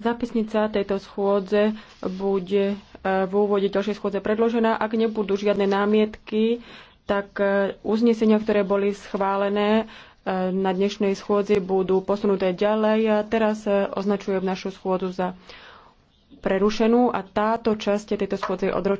Zápisnica tejto schôdze bude e, v úvode ďalšej schôdze predložená. Ak nebudú žiadne námietky, tak e, uznesenia, ktoré boli schválené e, na dnešnej schôdzi, budú posunuté ďalej. Teraz označujem našu schôdzu za prerušenú a táto časť tejto schôdze je odročená.